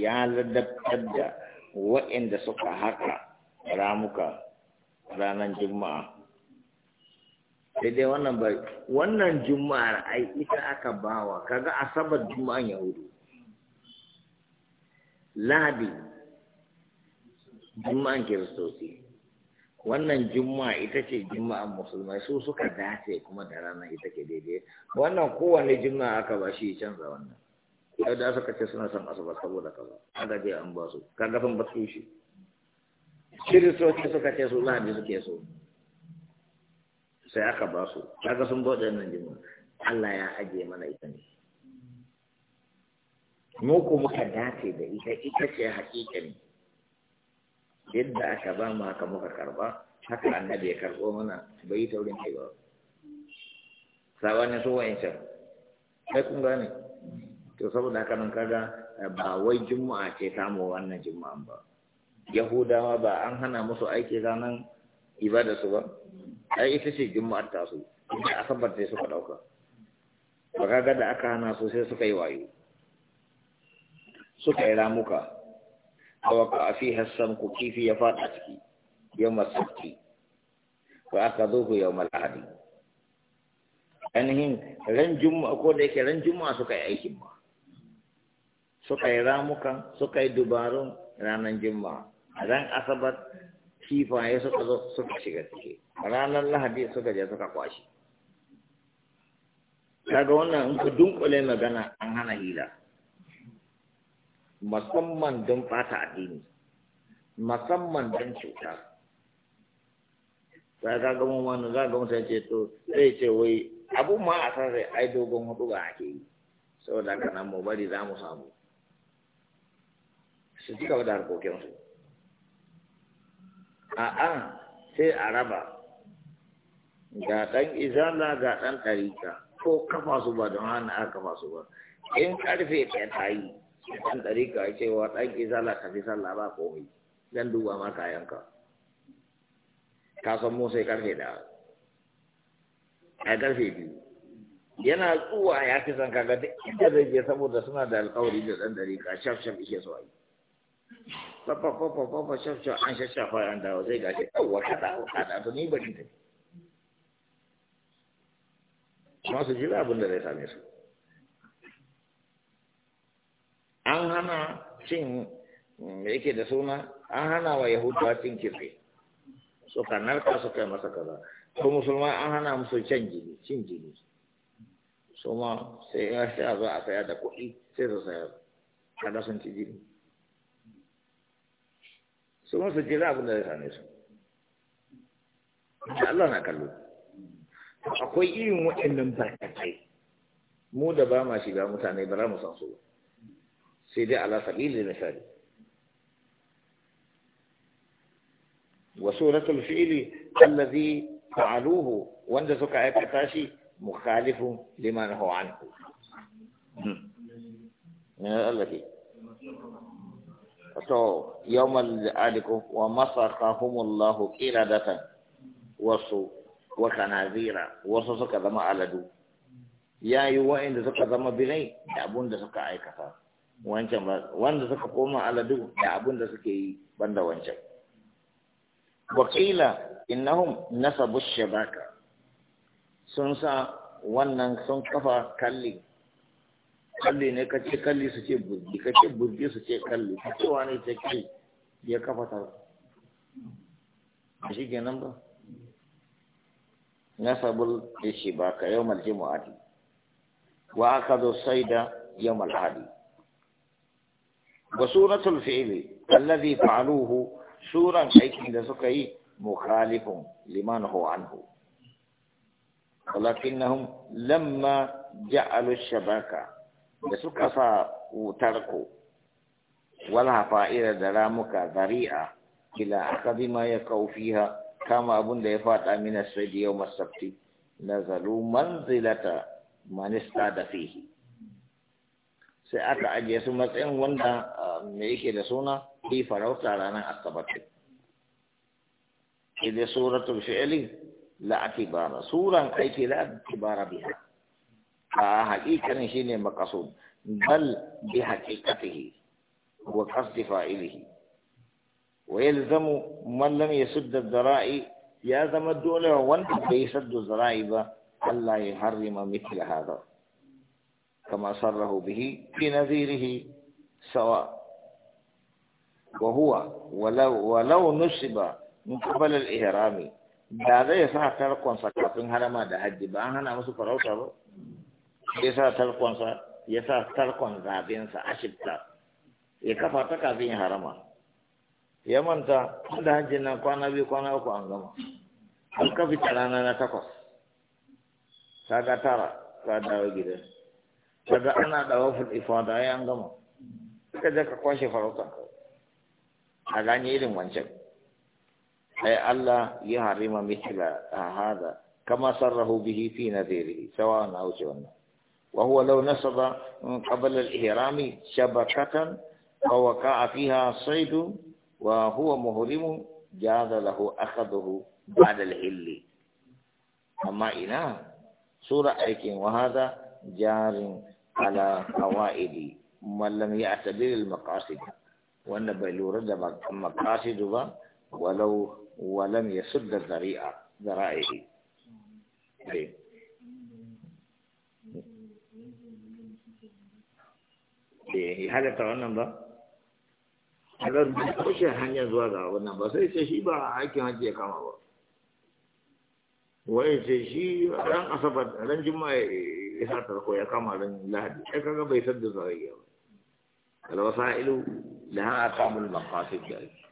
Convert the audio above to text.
ya ladabtar da waɗanda suka haka ramuka ranar juma'a daidai wannan bai wannan juma'ar ai ita aka bawa kaga asabar juma'an yahudu lahadi juma'an kiristoci wannan juma'a ita ce juma'an musulmai su suka dace kuma da rana ita ke daidai wannan kowane juma'a aka ba shi canza wannan yau da suka ce suna son asabar saboda kaza an gaje an ba su kaga sun ba su shi kiristoci suka ce su lahadi suke so sai aka ba su kaga sun bude nan jimin Allah ya ajiye mana ita ne mu ko muka dace da ita ita ce hakikani yadda aka ba mu haka muka karba haka annabi ya karbo mana bai taurin kai ba sabanin su wa'ancan sai kun gane to saboda haka nan kaga eh, ba wai juma'a ce mu wannan juma'an ba yahudawa ba an hana musu aiki ranar ibada su ba ai ita ce juma'ar tasu ita asabar sai suka dauka ba kaga da aka hana su sai suka yi wayo suka yi ramuka a ka a fi hassan ku kifi ya fada ciki yau masarki ba aka zo ku yau malahadi ainihin ran juma'a ko da yake ran juma'a suka yi aikin ba suka yi ramukan suka yi dubarun ranar a ran asabar kifaye suka zo suka shiga ciki ranar lahadi suka je suka kwashi daga wannan in ku dunkule magana an hana hila musamman don fata addini musamman don cuta sai ga mu wani za ga mutum ce to sai ce wai abu ma a san sai ai dogon hudu ba ake yi saboda kana mu bari za mu samu su ci gaba da harkokinsu a'a sai a raba ga ɗan izala ga ɗan ɗarika ko kafa su ba don hana aka kafa su ba in ƙarfe ɗaya ta yi ɗan ɗarika ya cewa ɗan izala ka fi sallah ba komai zan duba ma kayanka ka san mu sai ƙarfe da a ƙarfe biyu yana tsuwa ya fi san kaga duk inda zai je saboda suna da alƙawari da ɗan ɗarika shaf shaf ike so a yi Papa fafa fafa fafa shafshaf an shashafa an dawo zai gashi yawwa kada kada to ni bari ta masu jira abin da zai same su an hana cin yake da suna an hana wa yahudawa cin kirfe suka narka kai masa kaza ko musulma an hana musu can jini cin jini su ma sai ya sha zo a saya da kuɗi sai su sayar kada sun ci jini su ma su jira abin da ya Allah na kallo akwai irin waɗannan barkatai mu da ba ma shiga mutane ba za mu san su ba sai dai ala sabili misali wa suratul fi'li allazi fa'aluhu wanda suka aikata shi mukhalifun liman huwa anhu Allah ke to yawmal aliku wa masakahumullahu qiradatan wasu wa kanazira wasu suka zama aladu yayi wa'inda suka zama birai da abun da suka aikata wancan ba wanda suka koma aladu da abun da suke yi banda wancan wakila innahum nasabu shabaka sun sa wannan sun kafa kalli kalli ne ka ce kalli su ce burgi ka ce burgi su ce kalli ka ce wani ce kalli ya kafa ta ba Na sabul da shi ba ka yau malji mu'adi wa aka zo sai da yau malhadi ba suratul fi'li allazi fa'aluhu suran aikin da suka yi mukhalifun liman hu anhu ولكنهم لما جعلوا الشبكه da suka sa tarko wal hafa'ira da ramuka zari'a ila akabi ma ya kaufiha kama abin da ya fada mina sai yau masabti nazalu manzilata manista da fihi sai aka ajiye su matsayin wanda me yake da suna fi farauta ranar asabar إذا سورة الفعل لا suran سورة أي لا آه، حقيقه شيء مقصود بل بحقيقته وقصد فاعله ويلزم من لم يسد الذرائع يا زم الدولة وانت يسد الزرائب ألا يحرم مثل هذا كما صره به في نذيره سواء وهو ولو, ولو نصب من قبل الإهرام هذا يسعى خلق وانسكت هذا ما دهج باهنا مصفر أو ya sa tarkonsa ya sa tarkon zabinsa a shifta ya kafa ta kafin ya harama ya manta da hajjin nan kwana biyu kwana uku an gama an kafi ta rana na takwas ta ga tara ta dawo gida ta ga ana dawo fulɗifa da ya an gama suka je ka kwashe farautan a ganye irin wancan ai Allah ya harima mitila a hada kama sarrahu bihi fi nadirihi sawa na wuce wannan وهو لو نصب من قبل الإهرام شبكة فوقع فيها صيد وهو مهرم جاز له أخذه بعد الحل أما إنا سورة أيك وهذا جار على قوائد من لم يعتبر المقاصد وأن يرد المقاصد ولو ولم يسد الذريعة ذرائعه إيه. bai ta wannan ba kaga kushe hanyar zuwa ga wannan ba sai ce shi ba aikin hajji ya kama ba wai sai shi ran asabar ran juma'a ya satar ko ya kama ran lahadi sai kaga bai sadda zarayya ba alwasailu laha aqamul maqasid da ake